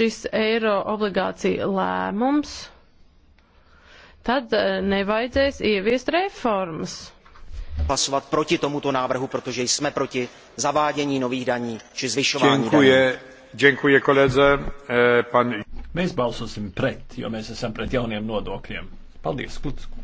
šis eiro obligācija lēmums, tad e, nevajadzēs ieviest reformas. Hlasovat proti tomuto návrhu, protože jsme proti zavádění nových daní či zvyšování Děkuji. daní. Dziękuję koledze. E, pan... Mēs balsosim pret, jo mēs esam pret jauniem nodokļiem. Paldies, Klutsku.